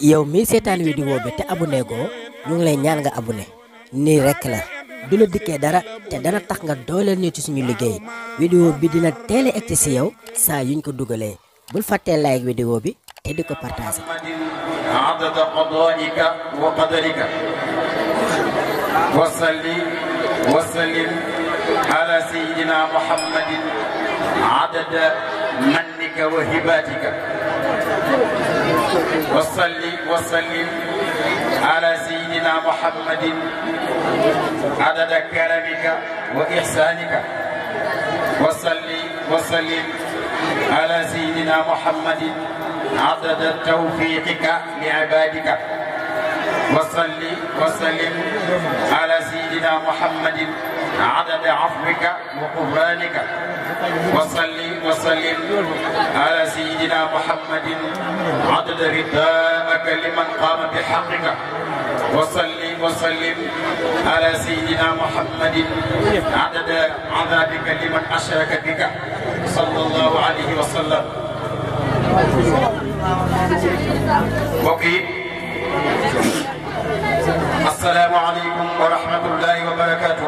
yow mii seetaan vidéo bi te abu goo ñu ngi lay ñaan nga abonné nii rekk la du la dikkee dara te dana tax nga dooleel ñu suñu liggéey vidéo bi dina teel a ci si yow saa yuñ ko dugalee bul fàttee like vidéo bi te di ko partagé adada qadaaika wa qadarika wa salli wa sallim ala sayyidina muhammadin adada man وعطائك وهباتك وصل وسلم على سيدنا محمد عدد كرمك وإحسانك وصل وسلم على سيدنا محمد عدد توفيقك لعبادك وصل وسلم على سيدنا محمد عدد عفوك وغفرانك وصلي وسلم على سيدنا محمد عدد رداءك لمن قام بحقك وصلي وسلم على سيدنا محمد عدد عذابك لمن أشرك بك صلى الله عليه وسلم وقيل السلام عليكم ورحمة الله وبركاته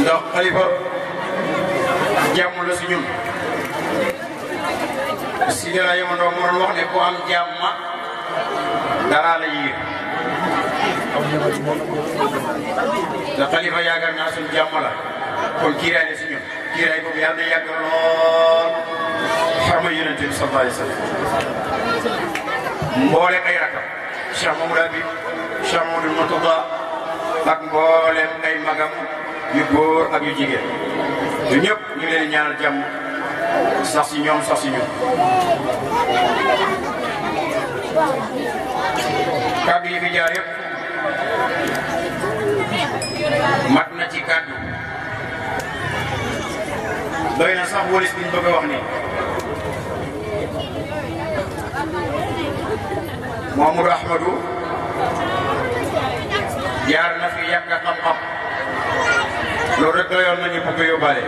ndax xalifa jàmm la si ñun si dara yamandoo wax ne am jàmm ma dara la yéex te xalifa yaakaar naa suñu jàmm la kon kiiraay la si ñun kiiraay boobu yàlla na yàgg lool xarma yonent bi sallallahu alayhi wa sallam mboolem ay rakam Cheikh Mamadou Habib Cheikh Mamadou yu góor ak yu jigen ñu ñep ñu leen ñaanal jam sax ci ñom sax ci ñu kaddu yi fi jaar yep mat na ci kaddu doy na sax wolis bi ñu bëgg wax ni Mamadou Ahmadu jaar na fi yàgg xam-xam loolu rek doyoon na ñu bëgg a yóbbaale.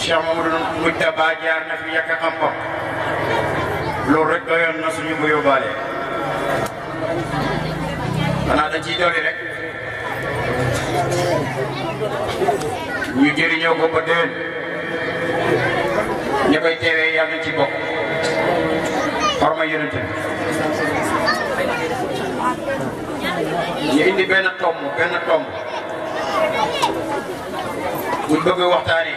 Cheikh Mamadou Moujtaba jaar na fi yàq xam-xam loolu rek doyoon na suñu bëgg a yóbbaale. xanaa dañ ciy dolli rek ñu jëriñoo ko ba déwén ña koy teewee yàlla ci bokk xorma yonent ñu indi benn tomb benn tomb buñ bëgg waxtaanee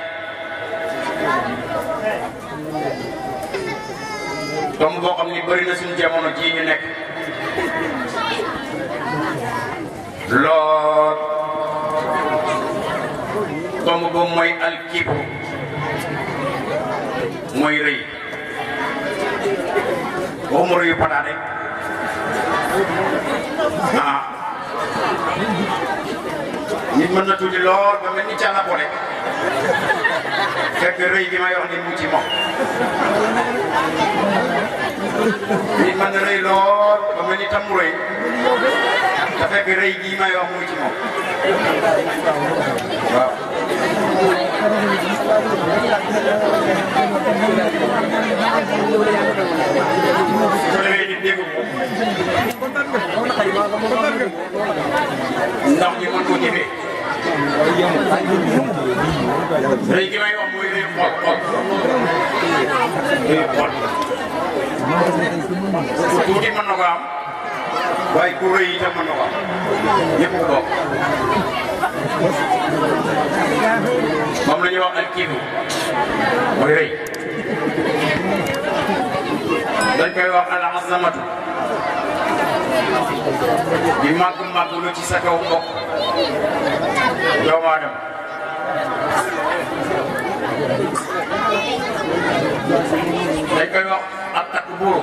tomb boo xam ni bëri na suñu jamono jii ñu nekk lool tomb boobu mooy alkibu mooy rëy waxuma rëyu pataate ah nit mën na tuuti lool ba mel ni càlla bone fekk rëy gi may wax ni mu ci moom nit mën na rëy lool ba mel ni tam mu rëy te fekk rëy gi may wax mu ci moom waaw ndax li mën koo jëfee. tey ki may wax mooy day xool xool. day xool. tuuti mën na ko am. waaye ku rëy itam mën na ko am. ñëpp bokk. moom la ñuy wax ak kiidu mooy rëy dañ koy wax al azamatu di màgg màgg lu ci sa kaw mbokk doomu aadama dañ koy wax ak takk buuru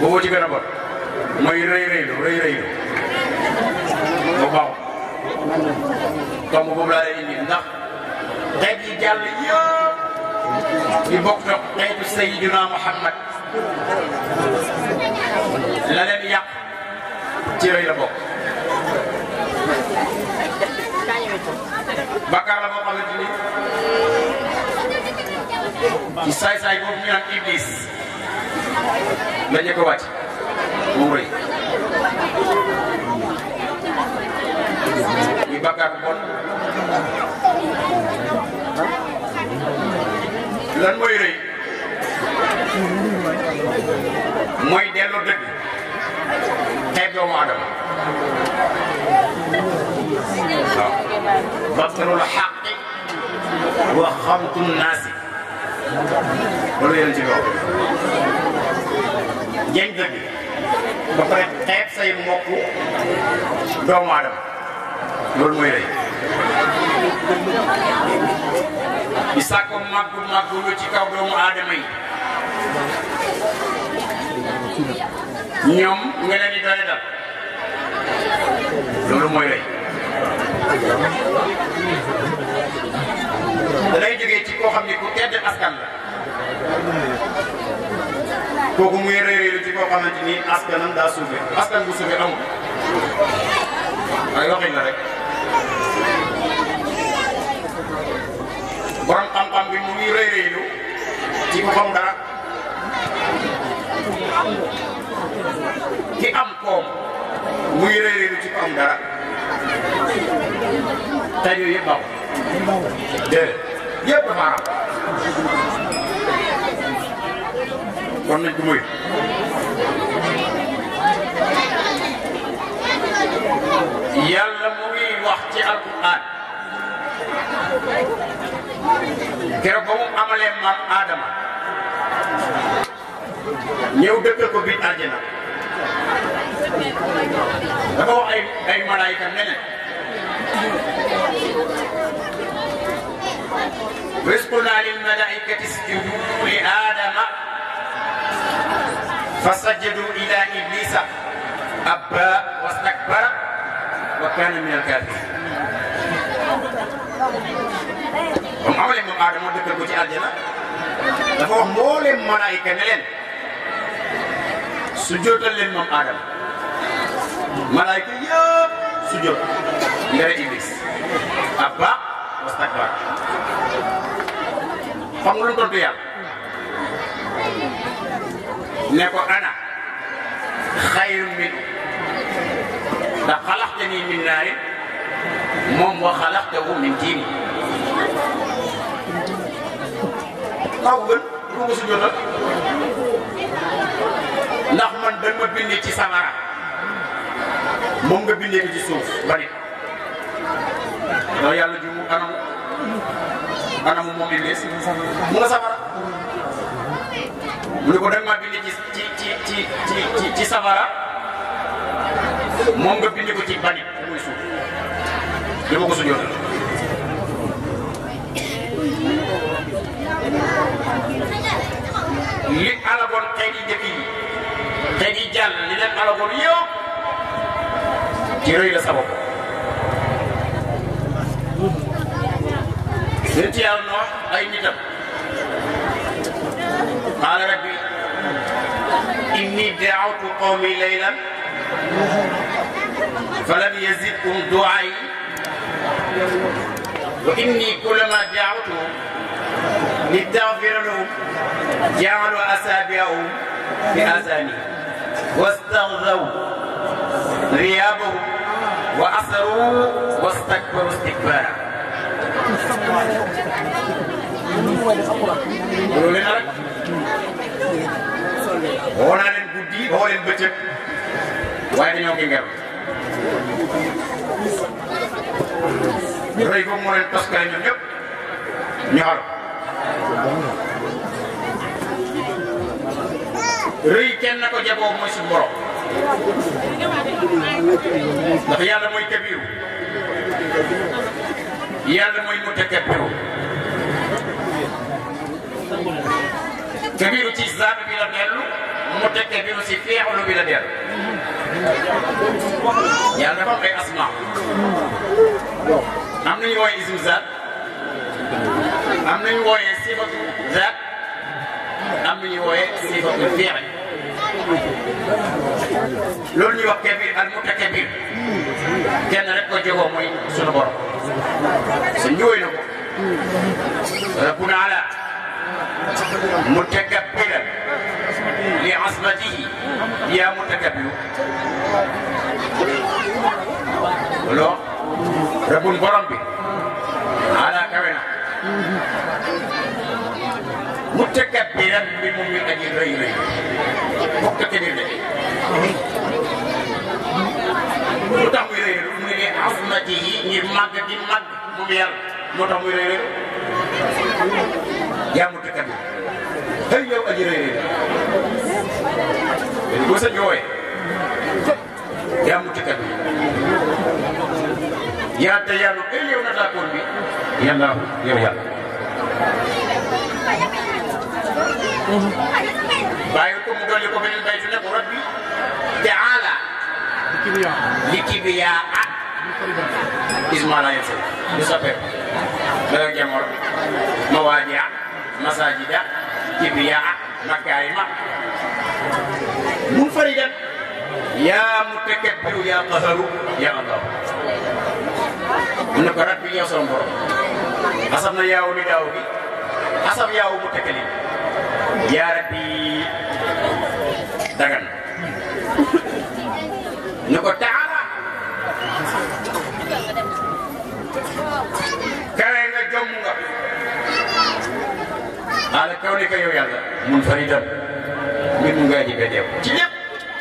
boobu ci gën a bon mooy rëy rëylu rëy rëylu mu baax tomb boobu laa lay indi ndax tey jii jàll yëpp di bokk toog xeetu Sayyidina Muhammad la leen yàq ci yooyu la bokk. Bakkaar la boo xamante ni ci saay-saay boobu ñu naan Iblis la ñu ko wàcc moom rëy. muy bàkkaar bu bon lan mooy rëy mooy dellu dëgg xeeb doomu adama waaw batarul xaqi wa xamtu naasi loolu yéen ci loolu jëñ dëgg ba pare xeeb say mbokk doomu adama loolu mooy rey Isaaka màggu ci kaw doomu aadama yi ñoom nga leen di doy rey ci koo xam ne ku tedd askan la xamante ni askanam daa suufe askan bu suufe amul ay waxin la rek borom xam-xam bi mu ngi rëy rëylu ci ku xam dara ki am koom mu ngi rëy rëylu ci ku am dara taj yooyu yëpp baaxul déedéet yëpp dafa am kon nañ ko muy yàlla moom wax ci alquran keroog ba mu amalee maam Adama ñëw dëkkal ko biir àjjana dafa wax ay ay malaayika ne ne واسقنا للملائكة اسجدوا لآدم فسجدوا إلى إبليس أبى واستكبر وكان من الكافرين kon awale moom aadama dëkkal ko ci àjjana dafa wax mbooleem malaayika iblis abba wastakbar xam nga lu tontu yàlla ndax xalaxtanii min naarin moom wa xalaxtahu min tiin maa ko gën ndax man dañ ma ci safara moom nga bindee ko ci soof bari nit loolu yàlla ju mu anam anamu moom iblis mu nga safara mu ko dañ ma ci ci ci ci ci safara moom nga bind ko ci banit mooy suuf li ma ko suñu yoon li alagoon tey di njëkk yi tey di jàll li leen alagoon yëpp ci rëy la sabab nit yàlla noo ay nitam qaala rabbi inni daawtu qawmi laylan فلم يزدكم دعائي وإني كلما دعوتهم لتغفر لهم جعلوا أسابيعهم في أذاني واستغذوا ريابهم وأصروا واستكبروا استكبارا قولوا لنا رك هنا هو waaye dañoo gengar rëy boobu moo leen toskale ñun ñëpp ñu xar rëy kenn na ko jaboo mooy suñu mu ndax yàlla mooy kabiru yàlla mooy mutakabbiru kabiru ci zaat bi la dellu mutakabbiru si feexlu bi la yàlla dafa am ay asma am nañu wooyee ismu zaat am ñuy wax kabir ak mutakabir kenn rek ko jegoo mooy sunu borom ala mutakabbiran لعصمته يا متكبر loolu rabul borom bi ala kawe na mutakabbiran bi moom ñu aji rëy rëy bokk tamit de lu tax muy rëy mu ne asmati yi ngir màgg di màgg moom yàlla moo tax muy rëy rëy yaa mutakabbir xëy yow aji rëy rëy mos a ñëwee yaa mu tëkkal yaa te yàlla béy yow nataakoon bi yàlla yow yàlla. bàyyi ko mu dolli ko beneen baytu ne ko rabbi taala li kibriyaa ak ismaala yasir ñu soppeeku dara jamono mawaadi'a masaajida kibriyaa ak makaarima منفردا يا متكبر يا قهر يا الله من قرات بي يا سون بروم حسبنا يا ولي داوبي حسب يا متكلم يا ربي دغن نكو تعالى كاينه جمغا على كونك يا يالله منفردا من مغادي بديو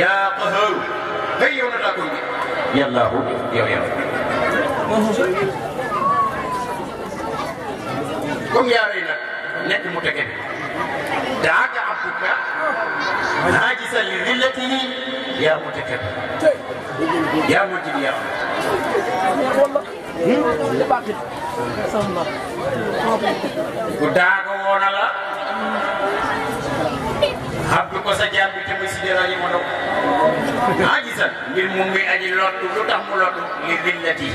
yaa qahaaru bay yow na daa koy yàllaahu yow yow comme yaare yi nag nekk mu tege daaka abduka naajisan li millatihi yaa mu tege yaa mu jib yaa hmm? ku daaka woona la habdu ko sa jàpp te muy si jëlaat yi ma doon ah gisal mbir mu ngi aji lottu lu tax mu lottu li billati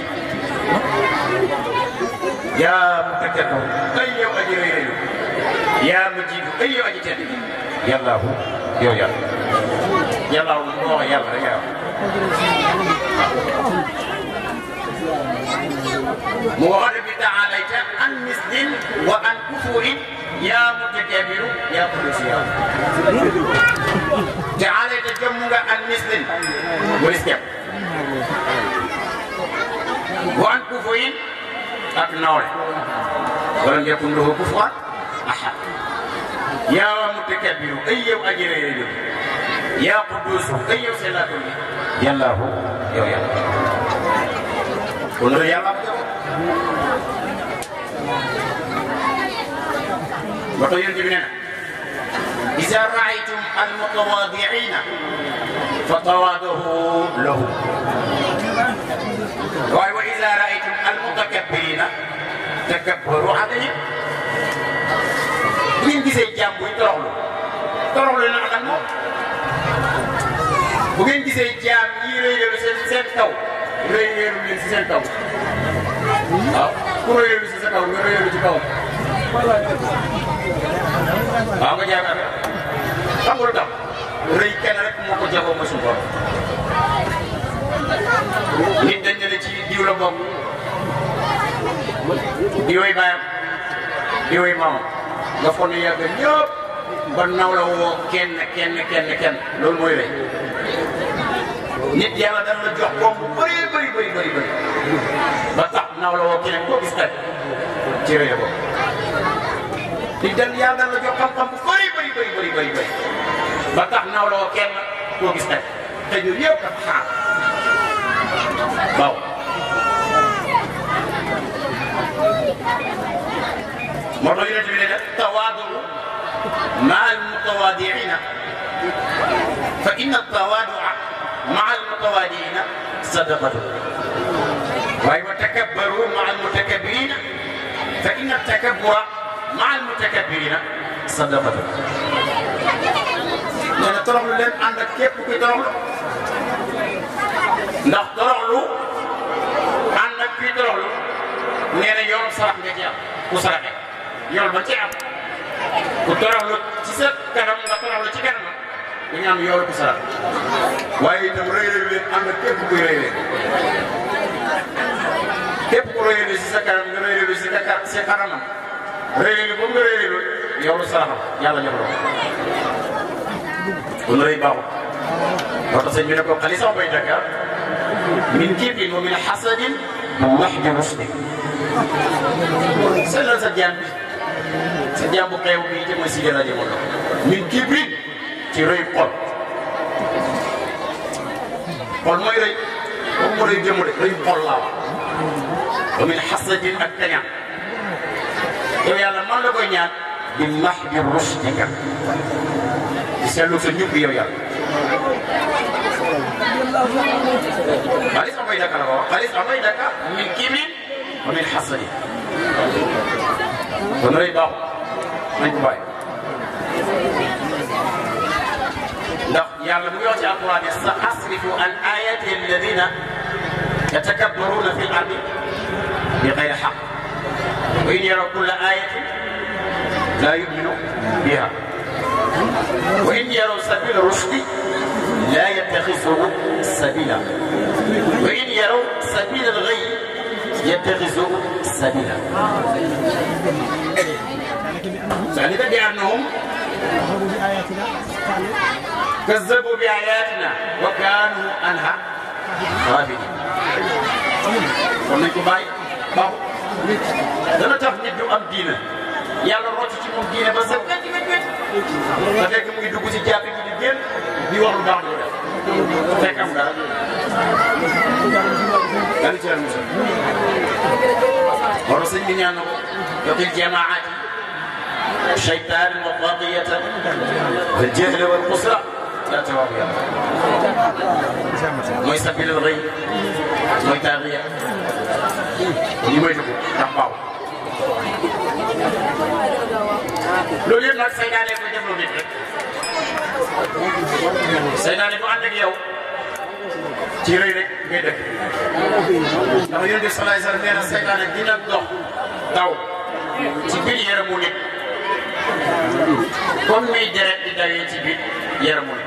Ya mu tëkkër ko yow aji rëy rëy mu yow aji tedd yow mu an mislin wa an kufurin yaamuditeɓiru yakulusiyam te aleyde jommuga almuslim muliskem won kufoyin ak nawle wala jekkumdoho kufoa aha yawamuditeɓiru eyyew ajireyeyo ya kudusu eyyew selatumi yallahu yo yalla ko noon yalla ko jaɓo وقل مننا إذا رأيتم المتواضعين فتواضعوا له وإذا رأيتم المتكبرين تكبروا عليهم buñ gisee jàmm buy toroxlu toroxlu na ak moom bu ngeen gisee jaam ñii rëy leen seen seen taw rëy leen leen si seen taw waaw ku rëy leen si sa taw nga rëy leen ci kaw waaw nga jaakaar xam nga lu tax kenn rek moo ko jagoo ma suuf nit dañ ci diw la bokk diwooy baayam diwooy maamam nga foog ne yàgg ñëpp ba naw woo kenn kenn kenn kenn loolu mooy rëy nit yàlla dana la jox koom bu bëree bëri bëri bëri ba tax naw woo keneen koo gis xel ci rëy ko di dem yàlla la jox xam-xam bu bëri bëri bëri bëri bëri bëri ba tax nawloo kenn koo gis nag te ñun yëpp dafa xaar waaw. moo tax yonent bi ne nag tawaadu maa al mutawaadiina fa inna tawaadua maa al mutawaadiina sadaqatu waaye wa takabbaru maa al mutakabbiriina fa inna takabbura maal mutakabbiriina sadaqatu nee na toroxlu leen ànd ak képp kuy toroxlu ndax toroxlu ànd ak kuy toroxlu nee na ci ku saraxe yoon ba ci am ku toroxlu ci sa kanam nga toroxlu ci kanam dañu am yoon ku sarax waaye itam leen ànd ak képp kuy rëy ku rëy leen si sa kanam nga rëy leen si sa réylu ba mu réylu yow saana yàlla jox la kon rëy baaxul moo tax sëñ bi ko xali sax bay Dakar min kibrin wa min xasadin mahdi muslim sellal sa jaam bi sa jaam bu xeew bi te mooy si jëlaat yi mu doon min kibrin ci rëy xol xol mooy rëy moom moo rëy jëmm rek rëy xol laa wa min xasadin ak kañaan yow yàlla man la koy ñaan bi mahdi rusdika di seetlu sa njub bi yow yàlla. bari sa koy dakka la ko wax bari sa koy dakka min kimin wa min xasani kon rëy baaxul nañ ko bàyyi ndax yàlla bu ñu wax ci alquran ne sa asrifu an ayati alladina yatakabbaruna fi l ardi bi xayri xaq وإن يروا كل آية لا يؤمنوا بها وإن يروا سبيل الرشد لا يتخذه سبيلا وإن يروا سبيل الغي يتخذه سبيلا ذلك بأنهم كذبوا بآياتنا وكانوا عنها غافلين. nit dana tax nit ñu am diina yàlla rocc ci moom diina ba set wecc wecc wecc nga fekk mu ngi dugg ci jàpp bi di génn di wax lu baax lu def fekk am dara dana ci yàlla musal war sëñ bi ñaan na ko yokkil jamaati الشيطان وطاغية الجهل والقسرة لا تواب يا رب. ما يستقبل الغي ما يتابع ñu moytu ko ndax baaw loolu yëpp nag saytaane ko def nit rek saytaane bu ànd ak yow ci rëy rek ngay def ndax yéen di salaay salaam nee na saytaane dina dox daw ci biir comme muy deret di dawee ci biir yaramu nit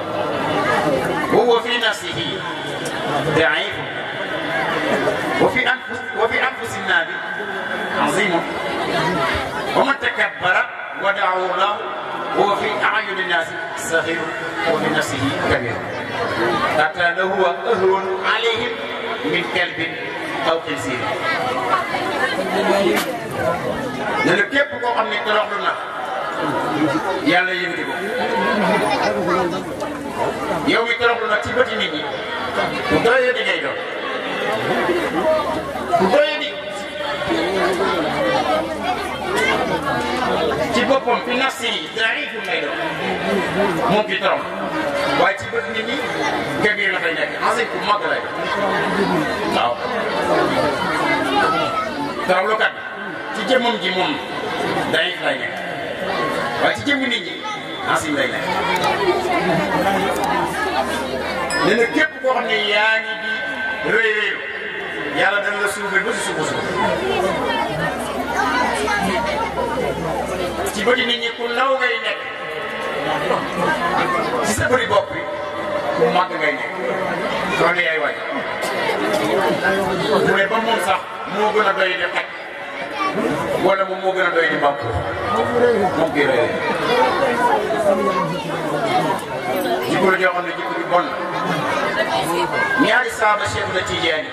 هو في نفسه ضعيف وفي أنفس وفي أنفس النبي عظيم ومن تكبر ودعوا له هو في أعين الناس صغير وفي نفسه كبير حتى له هو أهل عليهم من كلب أو خنزير ne la képp koo يا ne toroxlu yow mi toroxlu nag ci bëti nit ñi bu doyee di ngay doon bu doyee di ci boppam fi nafsi yi daifun ngay doon moom ki torox waaye ci bët nit ñi kabiir la fay nekk ensin ku mag lay waaw toroxlukat ci jëmmam ji moom daif lay waaye ci jëmmi nit ñi Nassim lay lay nee na képp koo xam ne yaa ngi di rëy rëy yàlla dana la suufee ba si suufu suuf ci bëri nit ñi ku ndaw ngay nekk ci sa bëri bopp bi ku màgg ngay nekk loolu yaay waay mu ne ba moom sax moo gën a doy def ak. wala moom moo gën a doy di bàq moom kii rëy jikko la joo xam ne jikko bi bon ñaari saaba Cheikh Ahmed Tidiane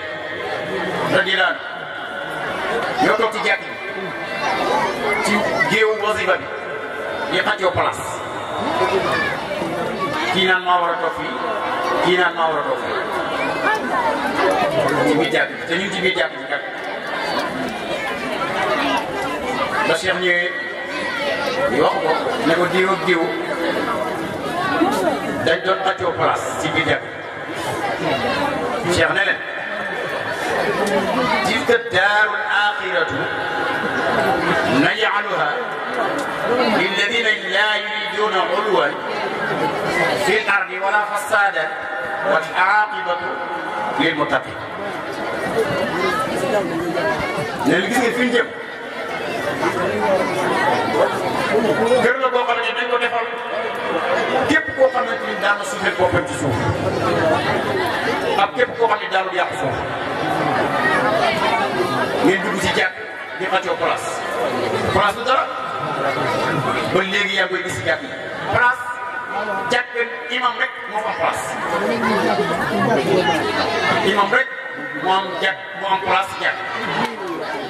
radiyallaahu anhu ñoo toog ci jàkk ci géewu wasifa bi di xàccoo place kii naan maa war a toog fii kii naan maa war a toog fii ci biir jàkk te ñun ci biir jàkk bi kat ba Cheikh ñëwee ñu wax ko ne ko diw ak diw dañ doon xàccoo place ci biir jàkk Cheikh ne leen tilka daaru aaxiratu najcaluha lilladina laa yuriduuna uluwan fi l ardi wala fasaada wal aaqibatu lilmuttaqin ne li gis nga fi ñu jëm kër la boo xam ne dañ ko defal képp koo xam ne ni daan na suufee boppam ci suuf ak képp di xatoo place place du dara ba léegi yaa ngi koy gis ci imam rek moo am place imam rek moo am jàkk moo am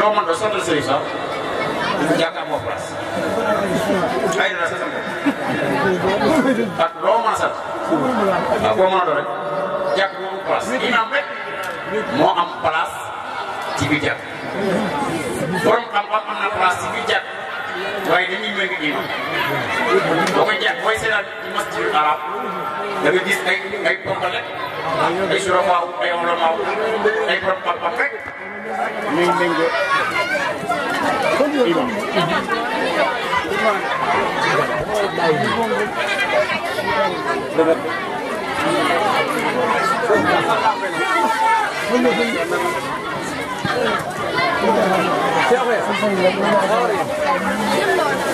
loo mën a sonal sëriñ sax yaakaar moo place ay dina sasam ko ak loo mën a sat ak boo mën a doon rek jàkk moo place imam rek moo am place ci biir masjid arab da nga gis ay ay pompale ay surafaaw ay olomaaw ay borom 零零个，滚一边！滚一边！滚一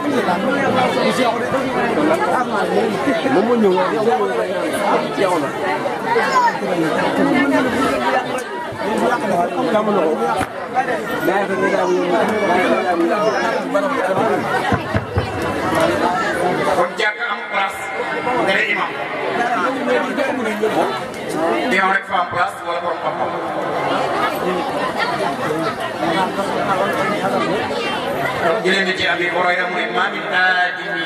moom moo ñëw yow na. kon jàkka am place nga ne imam. yow rek fa am place wala borom xam-xam. jëlee na ci Abi Hurayra mu ne maa min aadimi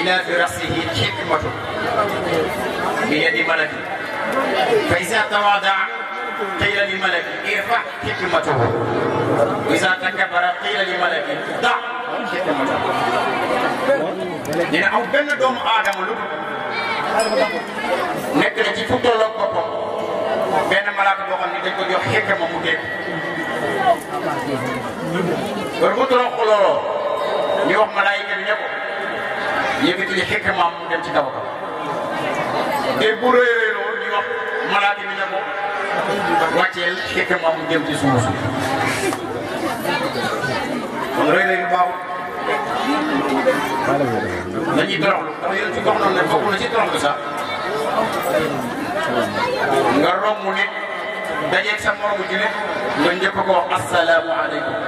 ilaa fi rasihi xikmatu bi yadi malaki fa iza tawaadaa qiila li malaki irfa xikmatahu wa iza takabara qiila li malaki da xikmatahu ñu ne aw benn doomu aadama lu nekk na ci fu tolloog boppam benn malaaka boo xam ne dañ ko jox xikma mu dégg loolu bu torox looloo ñu wax malaayika bi ne ko yëkkati xikmaam mu dem ci kaw kaw te bu ko wàcceel xikmaam mu dem ci suuf suuf kon rëy rëy lu baaxul dañuy ci torox noonu nag bokk na ci toroxlu sa moromu ji nit nga njëkk ko wax asalaamaaleykum.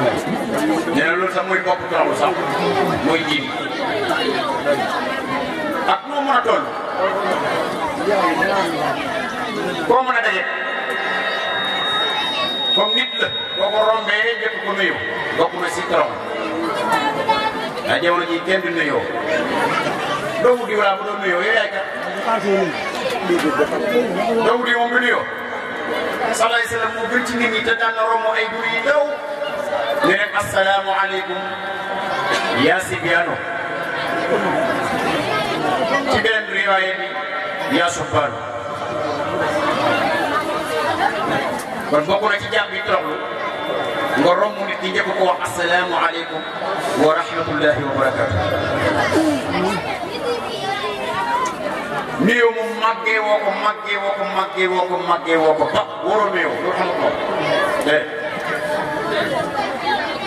nee na loolu sax mooy bopp toolam sax mooy jiim ak moo mën a toll koo mën a daje comme nit la boo ko rombee jëkk ko nuyu bokk na si toolam ndax jamono ji kenn du nuyoo doomu diw laa bu doon nuyoo yow yaay kat doomu diw moom du nuyoo salaay salaam mu gën ci nit ñi te daan na romb ay jur yi daw ñu ne asalaamualeykum yaa Sibiano ci beneen riwaaye bi yaa Subbaano kon bokk na ci jàmm yi toroxlu nga romb nit ñi njëkk ko wax asalaamualeykum wa rahmatullahi wa barakaatu. nuyoo mu màggee woo ko màggee woo ko màggee woo ko màggee woo ko ba wóorul nuyoo loolu xam nga ko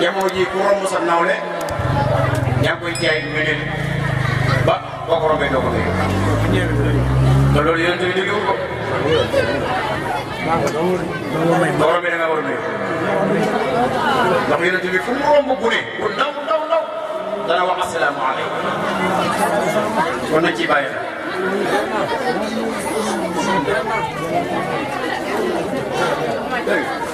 jamono jii ku romb sa nawle yaa ngi koy jaay meneen ba boo ko rombee doo ko dégg te loolu yéen tamit déglu ko. boo rombee da nga war a nuyu ndax yéen tamit fu mu romb bu ne bu ndaw ndaw ndaw dana wax asalaamaaleykum kon nañ ci bàyyi xel. Thank you.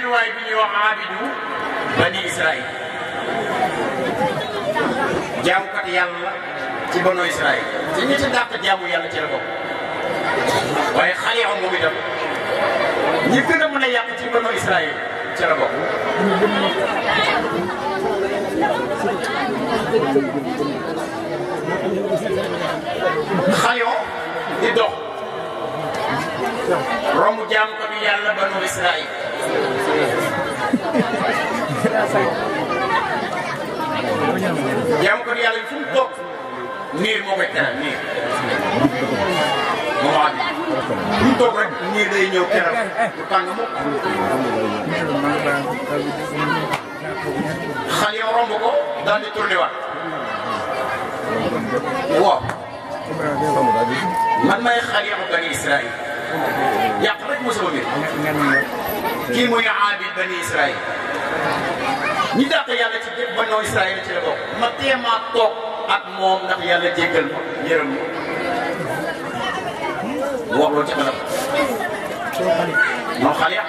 riwaay bi ñuy wax abidu bani israil kat yàlla ci bono israil ci ñi ci dakk jaamu yalla ci la bok waaye xale am mu itam ñi gën a mën a ci bono israil ci la bok xayo di dox romb jaam ko bi yàlla banu jaamu ko yàlla fu mu toog niir moo koy teral niir moo am fu mu toog rek niir day ñëw teral bu tàng mu xale yow romb ko daal di tourné waat waaw man may xale yow bani Israël yàq rek moo sama mbir. kii muy aabid bani Israël ñi dàq yàlla ci bépp ba noo Israël ci la bokk ma teem toog ak moom ndax yàlla jéggal ma yërëm ma mu wax loolu ci kanam moom xale ya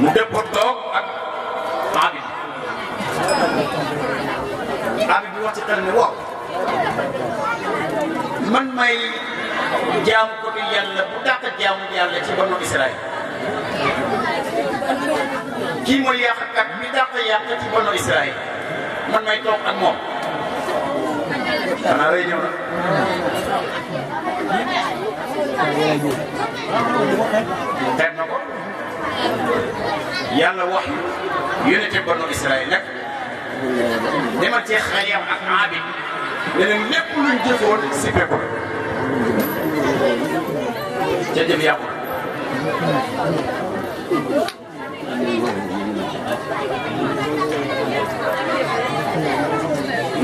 mu dëpp toog ak aabid aabid bi wax ci kanam ne man may. jaamu ko du yàlla bu dàq jaamu yàlla ci banu Israël kii mooy yàqkat bi dàq yàq ci banu Israël man may toog ak moom. xanaa réunion la. teg na ko yàlla wax yónnete banu Israël nag demal ci Xaryam ak Aabid ne leen lépp luñ jëfoon si pepp jërëjëf yàqu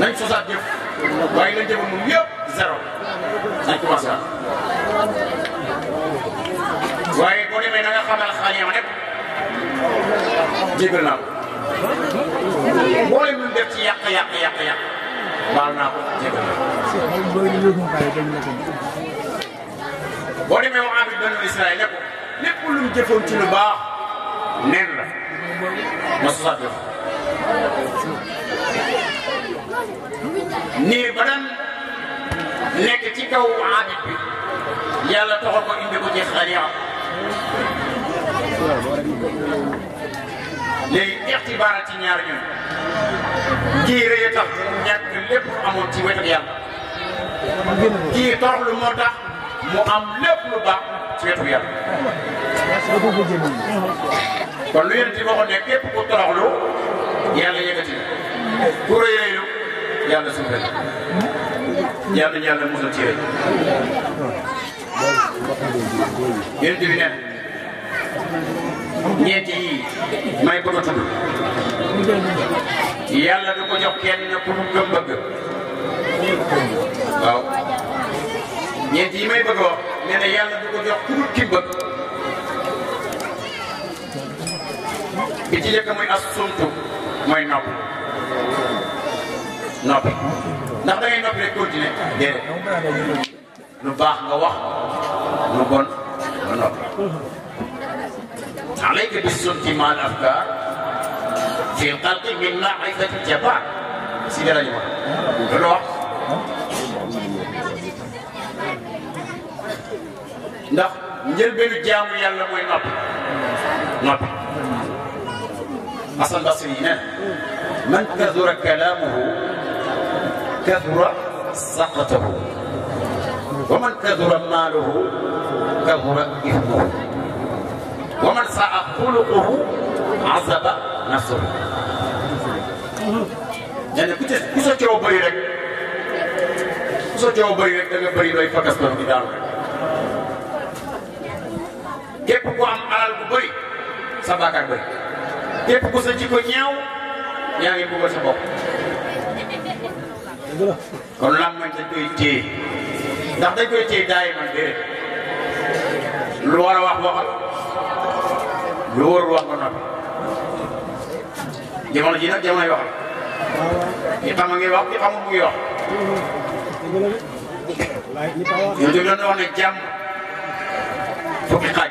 nañ sosaat jëf waaye lañ jëfam moom yëpp zéro nañ ko wasaat waaye boo demee na nga xamal xañam rek jégal naa ko boo demee mu ànd ak banu Israël ne ko lépp lu mu jëfoon ci lu baax nen la mosu sax jëf niir ba daan nekk ci kaw aadit bi yàlla taxal ko indi ko ci xaria léegi ixtibaara ci ñaar ñoom kii rëy a tax ñàkk lépp amoon ci wetu yàlla kii toroxlu moo tax mu am lépp lu baax ci wetu yàlla. kon lu yéen ci waxoon ne képp ku toroxlu yàlla yëkkati ku rëyeeyu yàlla suufal yàlla yàlla musal ci yéen. yéen bi ne ñeenti yii may bëgg a tudd yàlla du ko jox kenn ku mu gëm bëgg waaw. ñeent yi may bëgg wax nee na yàlla du ko jox ku dul ki bëgg bi ci njëkk muy as sumtu mooy nopp noppi ndax da ngay noppi rek continuer déedéet lu baax nga wax lu bon nga noppi ndax ñeul benu jaamu yalla moy nopp nopp asan basri ne man kazura kalamuhu kazura sahatuhu ومن كذر ماله كذر إثمه ومن ساء خلقه عذب نفسه لأن كنت كنت تجاوب بريرك كنت تجاوب بريرك تجاوب بريرك فكس بريرك képp ku am alal bu bëri sa bàkkaar bëri képp ku sa jikko ñaaw yaa kon làmmañ dañ koy téye ndax dañ koy téye man déedéet lu war a wax waxal lu warul wax nga ji nag jamono yi ñi xam nga wax ñi xamul mu ngi wax ñoo jëm doon wax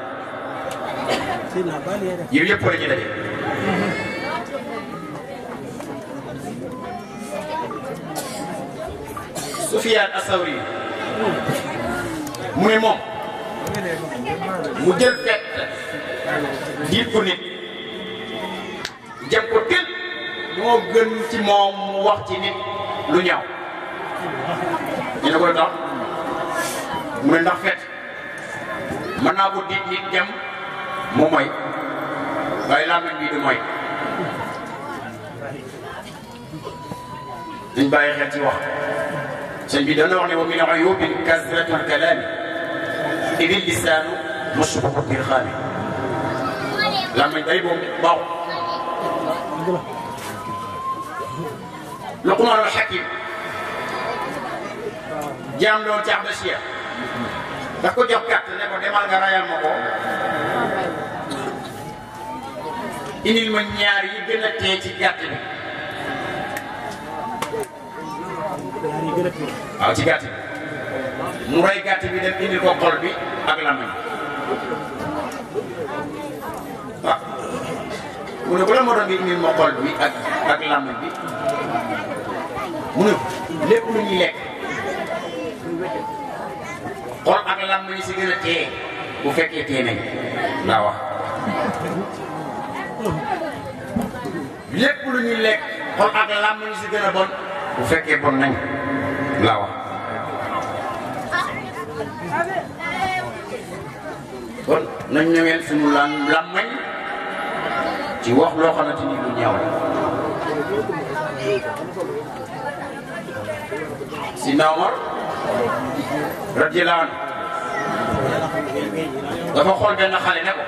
yow yëpp war a ñu daje. Sufyaan Asawri moom mu jël fett jiit ko nit jëm ko tël moo gën ci moom mu wax ci nit lu ñaaw ñu ne ko ndax mu ne ndax fett naa ko diit nit jëm. mu mooy waaye làmmiñ bi du mooy duñ bàyyi xel ci wax sëñ bi dana wax ne wa min uyubin kasratul kalaami idi lisaanu musbuhu bil xaami làmmiñ day boobu baaxul Luqmaan al Hakim jaam loolu ci Abasiya daf ko jox kàtt ne ko demal nga rayal ma ko indil ma ñaar yi gën a tee ci gàtt bi waaw ci gàtt bi mu rey gàtt bi dem indil ko xol bi ak làmmiñ waaw mu ne ko la moo doon indil ma xol bi ak ak làmmiñ bi mu ne lépp lu ñuy lekk xol ak làmmiñ si gën a tee bu fekkee tee nañ laa wax lépp lu ñuy lekk xol ak làmm ñu si gën a bon bu fekkee bon nañ laa wax kon nañ ñëwee suñu làmm làmmañ ci wax loo xamante ni lu ñaaw la si naawar radiyallahu anhu dafa xool benn xale ne ko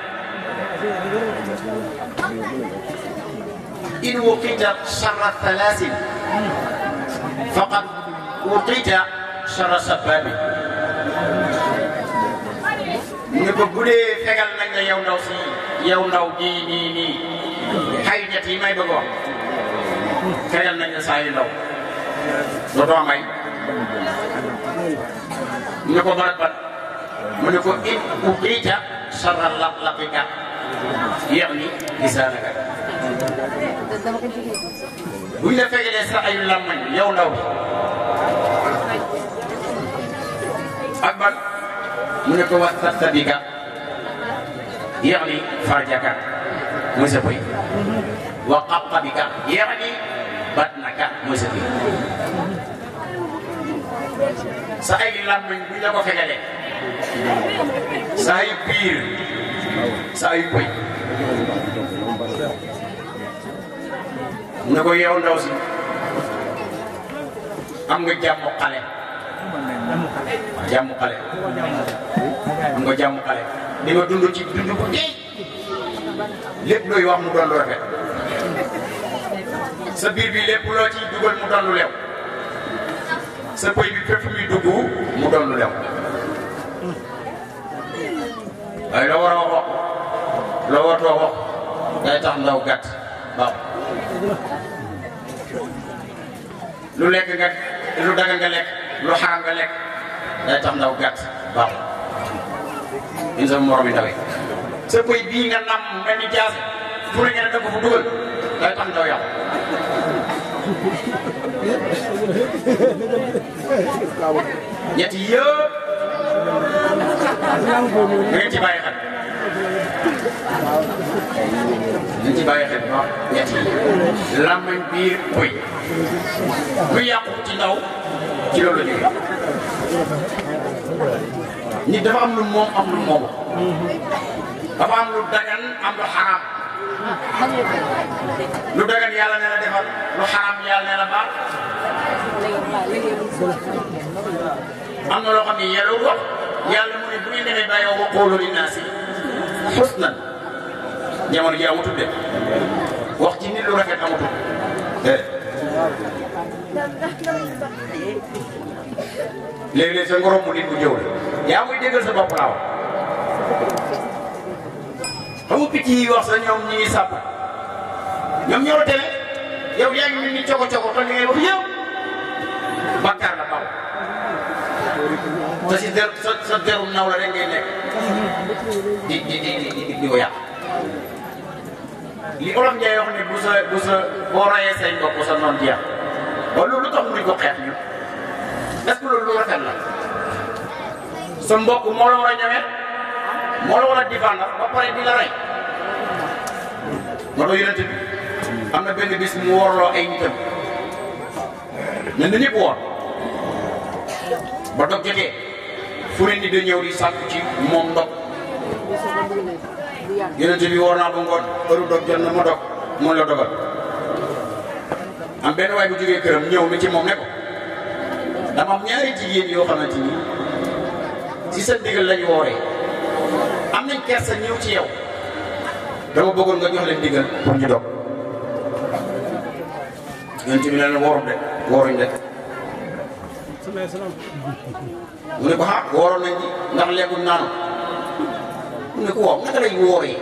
إن وقيت شر الثلاث فقد وقيت شر سباب ñu ko budee fegal nañ la yow ndaw si yow ndaw nii nii nii xay ñett yi may bëgg wax fegal nañ la saa yu ndaw dootoo may ñu ko barat bat mu ne ko laqlaqika buñ la fegalee sa ay yow ndaw ak ban mu ne ko wax sa sadika يعني فرجك مسبي وقطبك يعني بدنك مسبي ko pir na ko yow ndaw si am nga jàmmu xale jàmmu xale am nga jàmmu xale di nga dund ci dund ko jeey lépp looy wax mu doon lu sa biir bi lépp loo ci dugal mu doon sa pëy bi fépp muy dugg mu doon lu lew waaye la war a wax la wartoo wax tax ndaw gàtt baaxul lu lekk nga lu daga nga lekk lu xaar nga lekk day tax ndaw gàtt baaxul ñun sama morom yi ndawee sa pëy bii nga nam mel ni jaas fu ne ngeen dëgg fu dugal day tax ndaw yàqu ñett yëpp da ngeen ci bàyyi xel ñu ci bàyyi xel bu baax ñett yi làmmañ biir buy bu yàqu ci ndaw ci loolu la jógee nit dafa am lu moom am lu moom dafa am lu dagan am lu xaraam lu dagan yàlla ne la defal lu xaraam yàlla ne la baax am na loo xam ne yàlla wax yàlla mu ne bu ñu demee bàyyoo waqoolu linnaasi xusnan jamono ji amatul de wax ci nit lu rafet amatul eh. léeg-léeg sa ngorom mu nit bu jëw yaa muy déggal sa bopp laa wax xam nga picc yi wax sa ñoom ñi ngi sàpp ñoom ñoo la tele ni cogo cogo te li ngay wax yow bàkkaar la baw si der sa sa deru naw la rek di di di di di ko li olof Ndiaye busa busa bu sa bu sa boo rayee say mbokk lu tax mu ko xeex ñu est-ce lu kan, ya? kan, ya? di mana? rey moo la yonent bis mu warloo ay nitam ne na ñëpp woor di sàkku ci yonente bi woor naa ba ngoon heure dog jot na ma dog moom la dogal am benn waay bu jógee këram ñëw mi ci moom ne ko dama am ñaari jigéen yoo xamante ni ci sa digal lañu wooree am nañ kersa ñëw ci yow dama bëggoon nga jox leen digal pour ñu dog yonente bi ne leen woorum de wooruñ de mu ne ko ah wooroon nañ ndax lekkul naanu ne ku woor naka lay wooree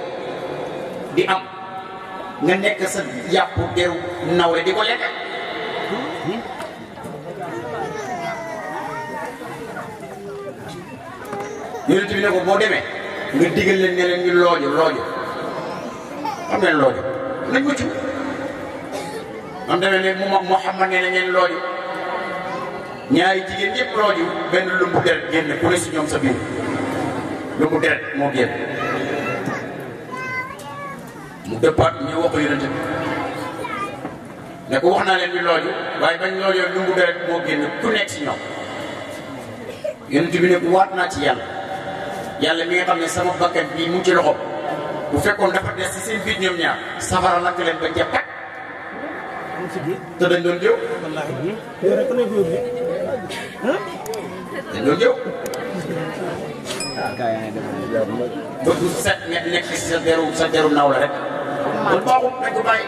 di am nga nekk sa yàpp deru nawle di ko lekk yonent bi ne ko boo demee nga digal leen ne leen ñu looju looju xam ngeen looju nañ mucc am demee ne mu Muhammad ne na ngeen looju ñaari jigéen yëpp looju benn lumbu deret génn ku ne si ñoom sa biir lumbu deret moo génn dëppaat ñu wax ko yonente bi ne wax naa leen ñu looju waaye bañ loolu yow lumbu deret moo génn ku nekk si waat naa ci yàlla yàlla mi nga xam ne sama bakkan bii mu ci loxo bu fekkoon dafa des si seen biir ñoom ñaar safara lakk leen ba jàpp te dañ doon jëw dañ doon jëw bëgg set nekk si sa deru sa deru naaw la rek kon kooku nañ ko bàyyi.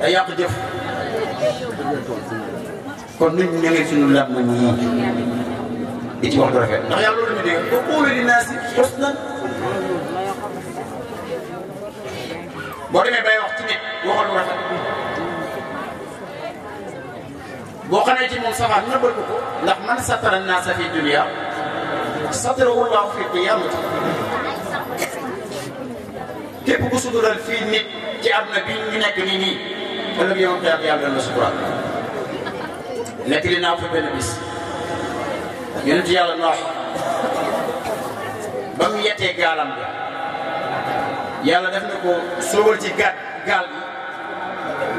day yàq jëf. kon nit ñi ñëwee suñu laaj mooy ñii di ci wax du rafet ndax yàlla loolu la ñuy dégg ba kóolu di naa si tos na. boo demee bay wax ci nit waxal lu rafet boo xamee ci moom safaan nëbbal ko ko ndax man satara naa sa fi dunya satarahu llaahu fi qiyaamati képp ku sutural fii nit ci am na bi ñu nekk nii nii ëllëg yow am yàlla na suturaal nekk li naa fa benn bis yonent yàlla noox ba mu yettee gaalam ga yàlla def na ko sóobal ci gàtt gaal bi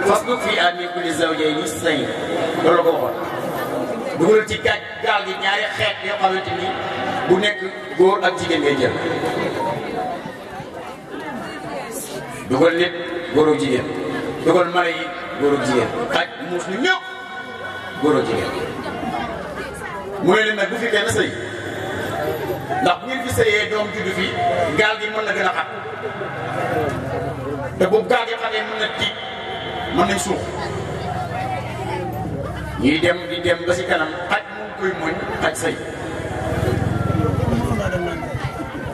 fas bu fii an min kulli zawjayni isnayn loolu la ko waxoon dugalal ci gàtt gaal gi ñaari xeet yoo xamante bu nekk góor ak jigéen ngay jël dugal nit góor jigéen dugal mala yi góor ak jigéen xaj muus ñu ñëpp góor ak jigéen mu ne leen nag bu fi kenn sëy ndax bu ngeen fi sëyee doom juddu fi gaal gi nañ suux ñuy dem di dem ba si kanam xaj mu koy muñ xaj sëy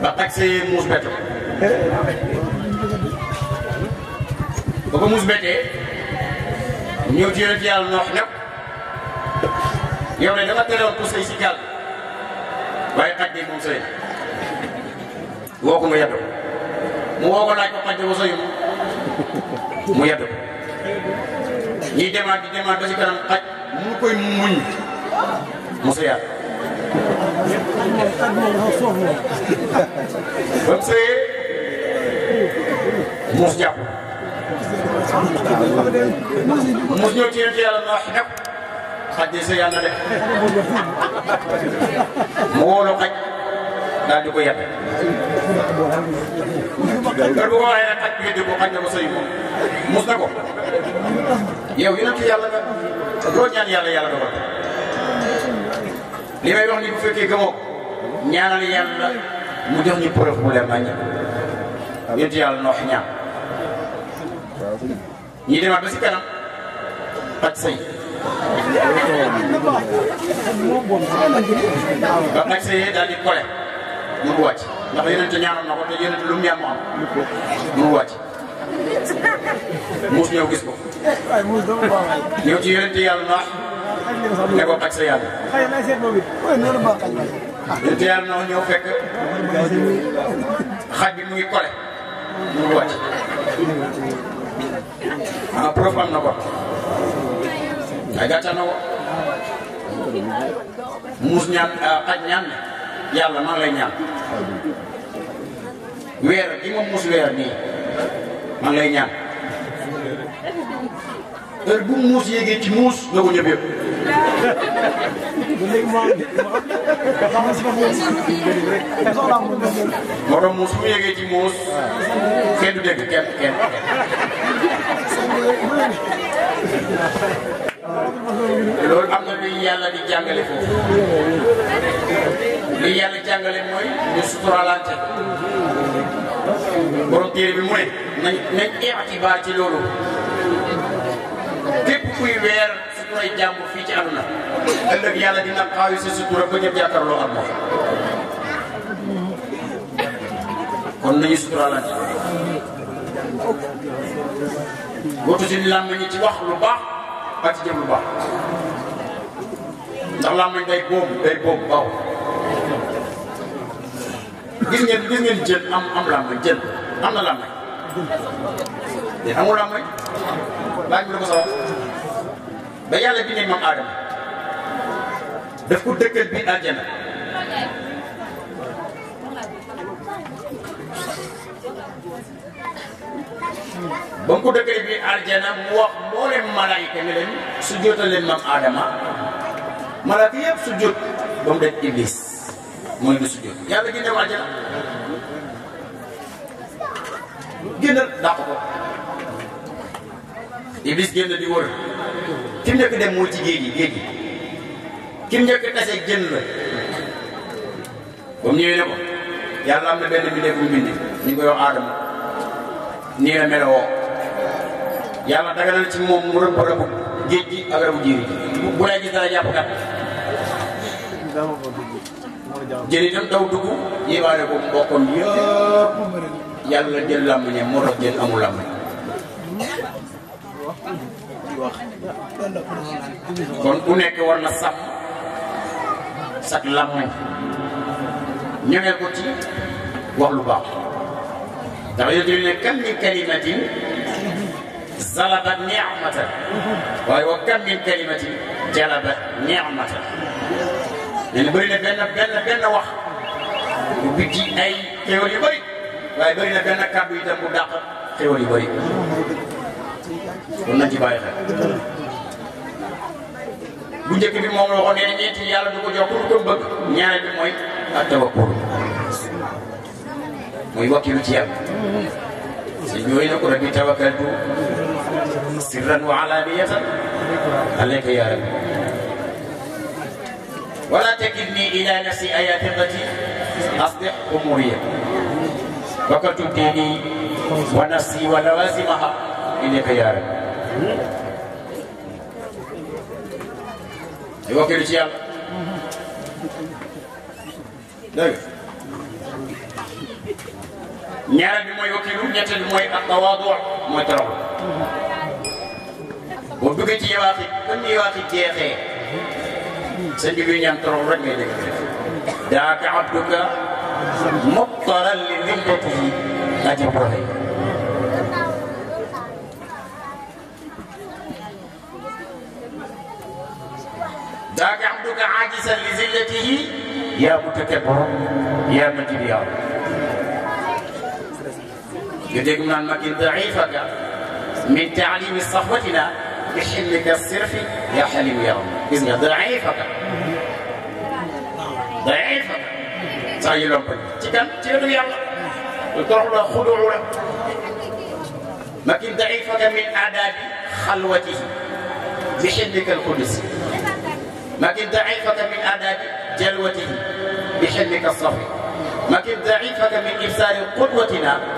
ba xaj sëyee muus bett ba ko mus méttee ñëw ci yonent yàlla noox ñëpp yow de dama terewoon ku sëy si gaal waaye xaj bi moom woo ko nga yedd mu woo ko laaj ko xaj mu yedd ñuy demaat di demaat ba si kanam xaj mu koy muñ mu sëyaat ba mu sëyee muus mu ñëw ci yonent yàlla noox nag xajje sa yàlla de mu wóolu xaj daal di ko yàq. kër bu ko waxee nag xaj bi di ko xaj na ko sëy moom na ko yow yonent yàlla nga doo ñaan yàlla yàlla dogal li may wax ni bu fekkee mu jox ñu preuve bu leer nañu yonent noox ñaan. ñi demaat ba si kanam pàcc say. ba pàcc say daal di kole mënu wàcc ndax yonent ñaanoon na ko te yonent lu mu ñaan mu am mënu wàcc muus ñëw gis ko. ñëw ci yonent yàlla naax ne ko pàcc sa yàlla. yonent yàlla na ñëw fekk xaj bi mu ngi kole mënu wàcc. maga ah, propam na wa ay gàcca na wa muus xaj eh, ñaan yàlla maa lay ñaan weer gi ma muus weer nii maa lay er, ñaan heure bu muus yéegee iya, iya, ci ko loolu am na luy yàlla di jàngale foofu li yàlla jàngale mooy ñu suturaalante borom téere bi mu ne nañ nañ itibaar ci loolu képp kuy weer suturay jàmm fii ci àdduna yàlla dina xaawi kon nañu suturaalante wattu ci làmmiñ ci wax lu baax ak ci jëf lu baax ndax làmmiñ day boobu day boobu baaw gis ngeen gis ngeen jën am am làmmiñ jën am na làmmiñ te amul làmmiñ laaj bi la ko sa ba yàlla bi ne maam aadama daf ko dëkkal bi àjjana ba mu ko dëkkee bi aljana mu wax mboolem malaayika ne leen su jootal leen maam Adama malaaka yëpp su jot ba mu def iblis mooy du su jot yàlla génne ko aljana génnal dàq ko iblis génn di wër kim njëkk dem moo ci géej gi géej gi kim njëkk génn la ba mu ñëwee ne ko yàlla am na benn bi nekk mu bind ñu koy Adama nii la meloo yàlla daganal ci moom mu rëbb rëbb géej gi ak rëbb jiir ji bu lay gis dana jàpp kat jën itam daw dugg yéebaale ko mbokkoon yëpp yàlla jël làmb ñam moo tax jën amul làmb kon ku nekk war na sàmm sag làmb ñëwee ko ci wax lu baax dafa yonent bi ne kam min kalimatin zalabat ni'matan waaye wa kam min kalimatin jalabat ni'matan nee na bëri na benn benn wax bu biti ay xéwal yu bëri waaye bëri na benn kàddu itam bu dàq xéwal yu bëri kon nañ ci bàyyi xel bi moom la waxoon nee na ñeenti yàlla ku ko bëgg ñaareel bi mooy ak tawakkul muy wakkilu ci yàlla si ñooy na ko rabbi tawakkaltu sirran wa alaniyatan alayka yaa rabbi wala takilni ila nafsi ayati qati aslih umuriya وكتب ديني ونفسي ولوازمها إليك يا رب يوكل شيئا لا ñaareel bi mooy wakiilu ñetteel bi mooy ak tawaadu mooy toroxlu boo duggee ci yawaati comme ni yawaati jeexee sëñ bi luy ñaan toroxlu rek ngay dégg daaka abduka mubtaran li nimdatihi ajib waxee daaka abduka aajisan li zillatihi yaa mutakabbir yaa matin yàlla يدعونا المكين ضعيفة من تعليم صفوتنا يحلك الصرف يا حليم يا رب إذن ضعيفة ضعيفة تعيلوا طيب بني تكن تيروا يا الله وتروا خدوع له مكين ضعيفة من أداب خلوته بحلك القدس مكين ضعيفة من أداب جلوته بحلك الصفي مكين ضعيفة من إفسار قدوتنا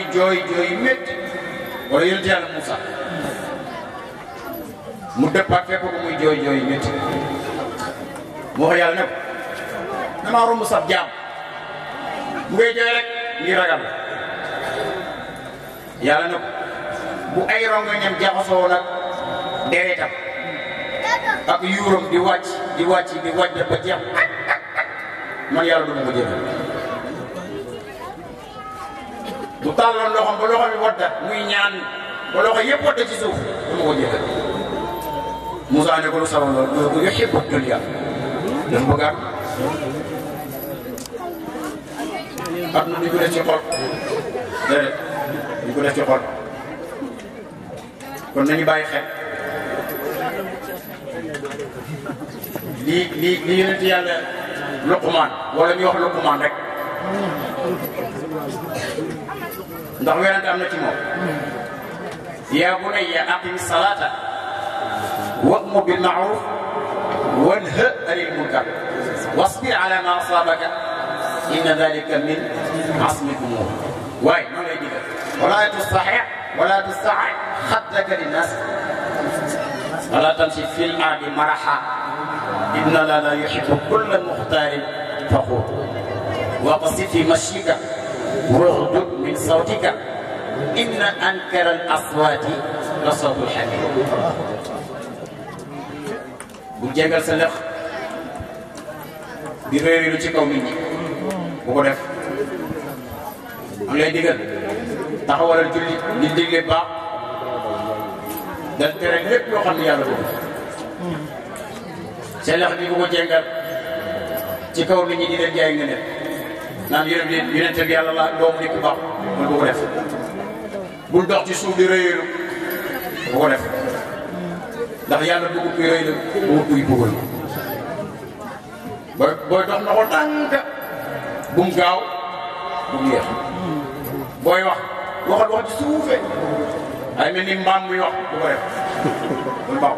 jooy jooy métti wala yonent yàlla Moussa mu départ fekk ko muy jooy jooy métti moo wax yàlla ne ko damaa sab jaam mu ngay jooy rek ragal yàlla ne ko bu ay rongañam jaxasoo nag deretam ak yuuram di wàcc di wàcc di wàcc jeex man yàlla du ma ko bu tàlloon loxoom ba loxo bi wadda muy ñaan ba loxo yëpp wadda ci suuf dama ko jëlal Moussa ne ko lu sabab loolu loolu ko yuhibbu dunya dafa bëgg am àdduna duñ ko def ci xol déedéet duñ ko def ci xol kon nañu bàyyi xel lii lii lii yonent yàlla Luqmaan wala ñu wax Luqmaan rek ndax werante am na ci moom ya bunayya aqim salata wa'mur bil ma'ruf wanha anil munkar wasbir ala ma asabaka inna dhalika min asmi umur waaye noonu lay digal wala tustahi wala tustahi xaddaka linnas wala tamshi fil ardi maraha inna la la yuhibbu kulla muxtaarin faxuur waqsid fi mashika واغدد من صوتك إن أنكر الأصوات لصوت الحمير bu jégal sa lëx di réer lu ci kaw nit ñi bu ko def am lay digal taxawalal julli li digle baax dal tere lépp loo xam ne yàlla boobu sa bi bu ko jégal ci kaw nit ñi di leen jaay nga ne naan yonent bi yàlla la doomu nit ku baax man bu ko def bul dox ci suuf di rëyéelu bu ko def ndax yàlla bëggu kuy rëylu bëggu kuy bëggal booy booy dox na ko tànk bum gaaw bum yéex booy wax waxal wax ci suufe ay mel ni mbaam muy wax bu ko def bu mbaaw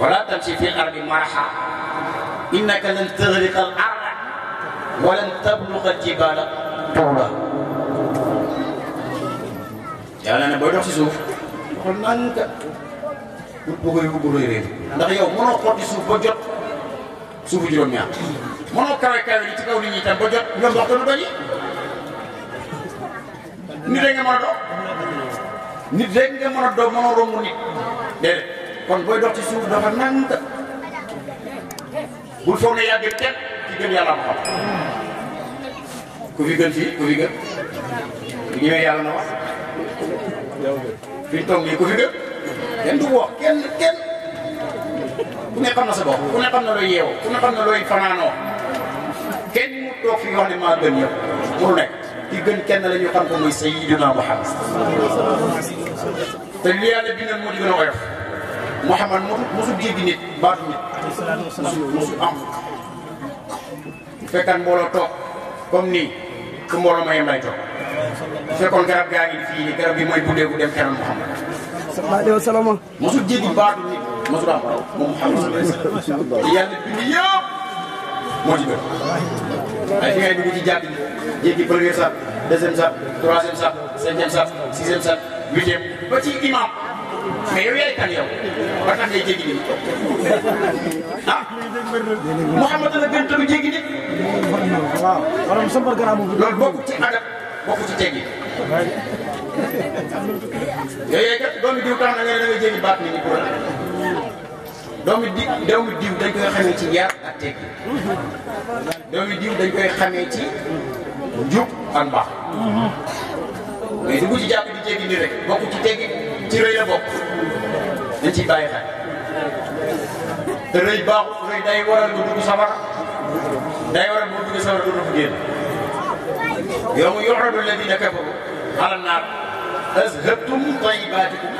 ولا تمشي في الأرض مرحا إنك لن تغرق الأرض ولن تبلغ الجبال toog la yàlla ne booy dox si suuf doxal naan kat ut bëggoy bu bëggoy réer ndax yow mënoo xotti suuf ba jot suufu juróom-ñaar mënoo kawe kawe li ci kaw nit ñi tam ba jot ñoom waxtu lu bañ nit rek nga mën dox nit rek nga dox nit kon dox ci dafa ne ci ku si, gën fii ku gën bu ñëwee yàlla na wax fi toog nii ku gën kenn du wax kenn kenn ku ne na sa bopp ku ne na looy yeewoo ku na kenn mu fi wax gën yow nekk ki gën kenn xam ko muy Sayyidina Muhammad te li yàlla bindoon moo di oyof Muhammad mosu mosu jéggi nit baatu nit comme nii ku mbooloo mooy lay toog bu fekkoon garab gaa ngi fii nii garab gi mooy buddee bu dem kanam Muhammad. sallallahu alayhi wa sallam. mosul jéggi baatu nit mosul am raw moom Muhammad. te yàlla bind yëpp moo ci gën. ay fi ngay dugg ci jàpp jéggi premier sax deuxième sax troisième sax cinquième sax sixième sax huitième ba ci imam mais yow yaay kan yow ba tax ngay jéggi nii ah. Mouhamad la gën te du jéggi nit. waaw maanaam sëmbar garaamu. loolu bokku ci adab bokku ci teggi. yooyu kat doomu diw tax na nga ne da nga doomu diw dañ koy xamee ci yar ak teggi doomu diw dañ koy xamee ci njub ak mbaax. mais dugg ci jàpp di jéggi nii rek bokku ci teggi ci rëy la bokk dañ ciy bàyyi xel. te rëy baaxut rëy day waral nga dugg safara day waral nga dugg safara du dugg génn yawma yu'radu alladhina kafaru ala an-nar azhabtum tayyibatikum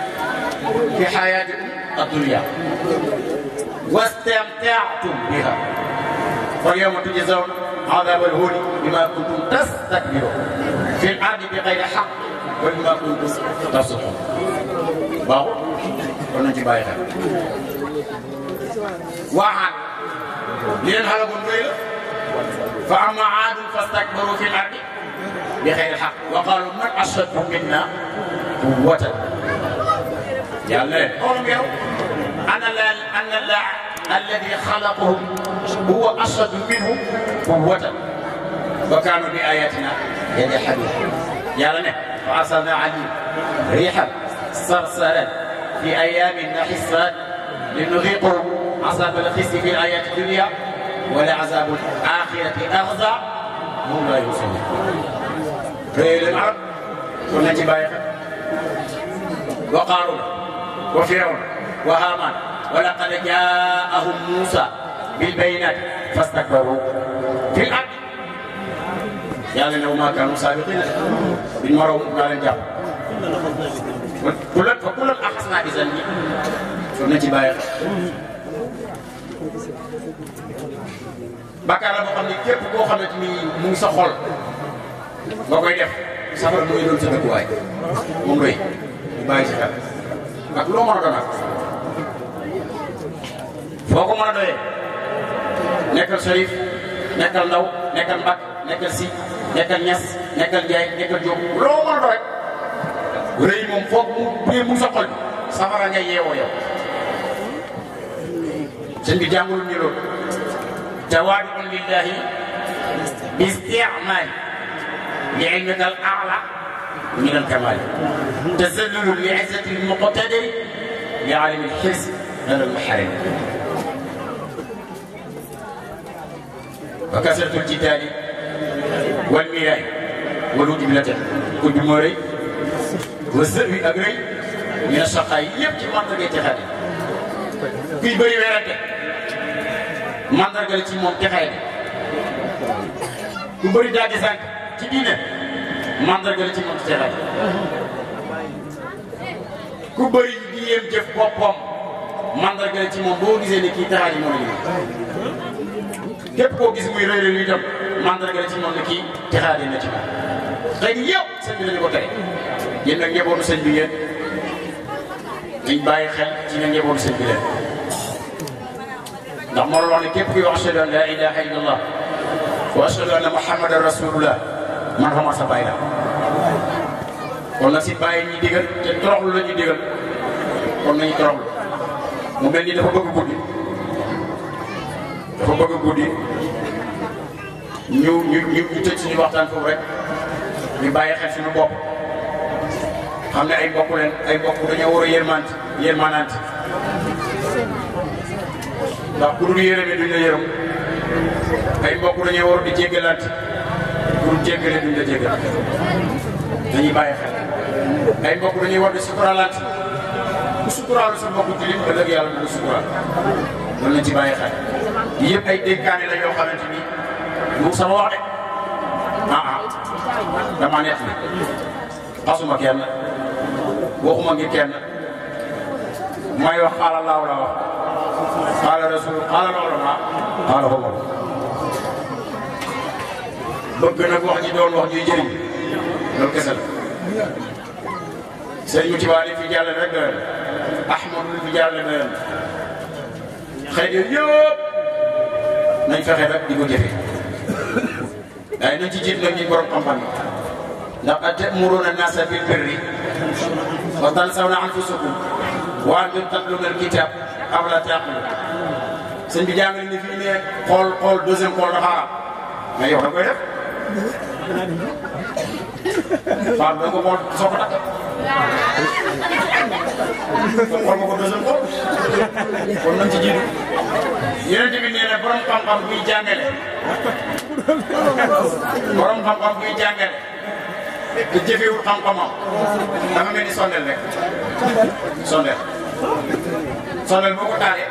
fi hayatikum ad-dunya واستمتعتم بها فاليوم تجزون عذاب الهول بما كنتم تستكبرون في الارض بغير حق وبما كنتم تصحون باو كنا نجي باي وعاد لين هلكوا دويلا فأما عاد فاستكبروا في الأرض بخير الحق وقالوا من أشد منا قوة يلا قولوا يا أنا لا أنا لا الذي خلقهم هو أشد منهم قوة وكانوا بآياتنا يجحدون يا نه وأرسلنا عليهم ريحا صرصرا في أيام نحسات لنذيقهم عذاب الخزي في الحياة الدنيا ولا عذاب الآخرة أخزى هم لا يوصلون في الأرض والتي بايعت وقارون وفرعون وهامان ولقد جاءهم موسى بالبينات فاستكبروا في الأرض يعني لو ما كانوا سابقين بالمرء قال الجاب كلنا فكلنا أخذنا إذا سنة بايعت bàkkaar la xam ne képp koo xamante ni mu ngi sa xol nga koy def safara mooy doon sa dëkkuwaay moom doy ñu bàyyi si xel ak loo mën a doon ak foo ko mën a doyee nekkal Cherif nekkal Ndaw nekkal Mbak nekkal Si nekkal Ñas nekkal Njaay nekkal Jóob loo mën a doon rek moom foog mu bu mu sa xol safara ngay yeewoo yow sëñ bi jàngul ñu توابع لله باستعمال لعلمك الأعلى من الكمال تسلل لعزة المقتدر لعالم الحس من المحارم وكثرة الجدال والمياه ولود بلته كل موري والسر أبري من الشقاء يبكي منطقة هذه في بري ويرده mandarga la ci moom texee ku bëri daal di ci diine mandarga la ci moom texee ku bëri di yéem jëf boppam mandarga la ci moom boo gisee ne kii texaat mooy lii képp koo gis muy rëy luy dem mandarga la ci moom ne kii texaat na ci moom xëy na yëpp bi lañu tey yéen nag njabootu sëñ bi bàyyi xel ci nga njabootu sëñ ndax moo doon wax ne képp kuy wax ashhadu an laa ilaaha illallah wa ashhadu anna muhammadan rasulullah man xamoon sa bàyyi la kon nag si bàyyi ñi digal te toroxlu la ñuy digal mu mel dafa bëgg guddi dafa bëgg guddi ñu ñu ñu ñu tëj suñu waxtaan foofu rek ñu bàyyi xel suñu bopp xam ne ay mbokk ay mbokk dañoo war a yërmante yërmanante ndax ku dul yërëme duñ la yërëm ay mbokk dañuy war di jéggalaat pour jéggale duñ la jéggal dañuy bàyyi xel ay mbokk dañuy war di sukuraalaat ku sukuraalu sa mbokk julit ëllëg yàlla du la sukuraal loolu lañ ci bàyyi xel yii yëpp ay dénkaane la yoo xamante ni mu sama wax de ah ah damaa neex ni xasuma kenn waxuma ngi kenn may wax xaaral laaw la wax قال رسول قال العلماء قال هو bëgg nag wax ji doon wax juy jëriñ loolu kese la sëñ Mutiba li fi jàll rek doyoon Ahmad li fi jàll doyoon xëy na yëpp nañ fexe rek di ko jëfe waaye nañ ci jiit nag ñu borom xam-xam yi ndax atamuruna nasa bil birri wa tansawna anfusakum wa antum tatluna al kitab afala taqilun sëñ bi jàngale ni fii ne xool xool deuxième xool dafa araam mais yow da koy def waaw da ko xool soo ko takk xool xool kon nañ ci jiitu yonent bi nee na borom xam-xam buy jàngale borom xam-xam buy jàngale te jëfewul xam-xamam dama mel ni sondel rek sondel sondel boo ko taalee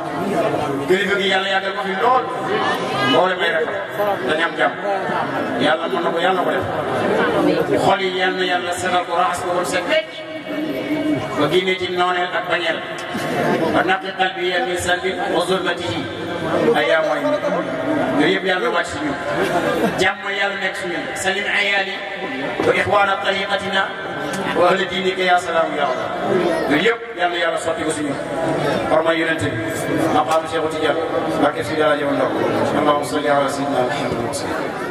kilifa gi yàlla yàggal ko fi lool mboole may rafet dañu am jàmm yàlla mën na ko yàlla ko def xol yi yal na yàlla setal ko raxas ko woon set wecc ba génnee ci nooneel ak bañeel ba naqi qalbi min salbi wa zulmatihi ayaa mooy yooyu yëpp yàlla wàcc si ñun jàmm yàlla nekk si ñun salim ayaali wa ixwaana tariqatina wax la diine ke yaa salaam yaa Allah yooyu yëpp yal na yàlla sotti ko suñu xorma yonente bi maqaam Cheikh Tidiane barke si dara jamono allahumma salli ala sayyidina Muhammad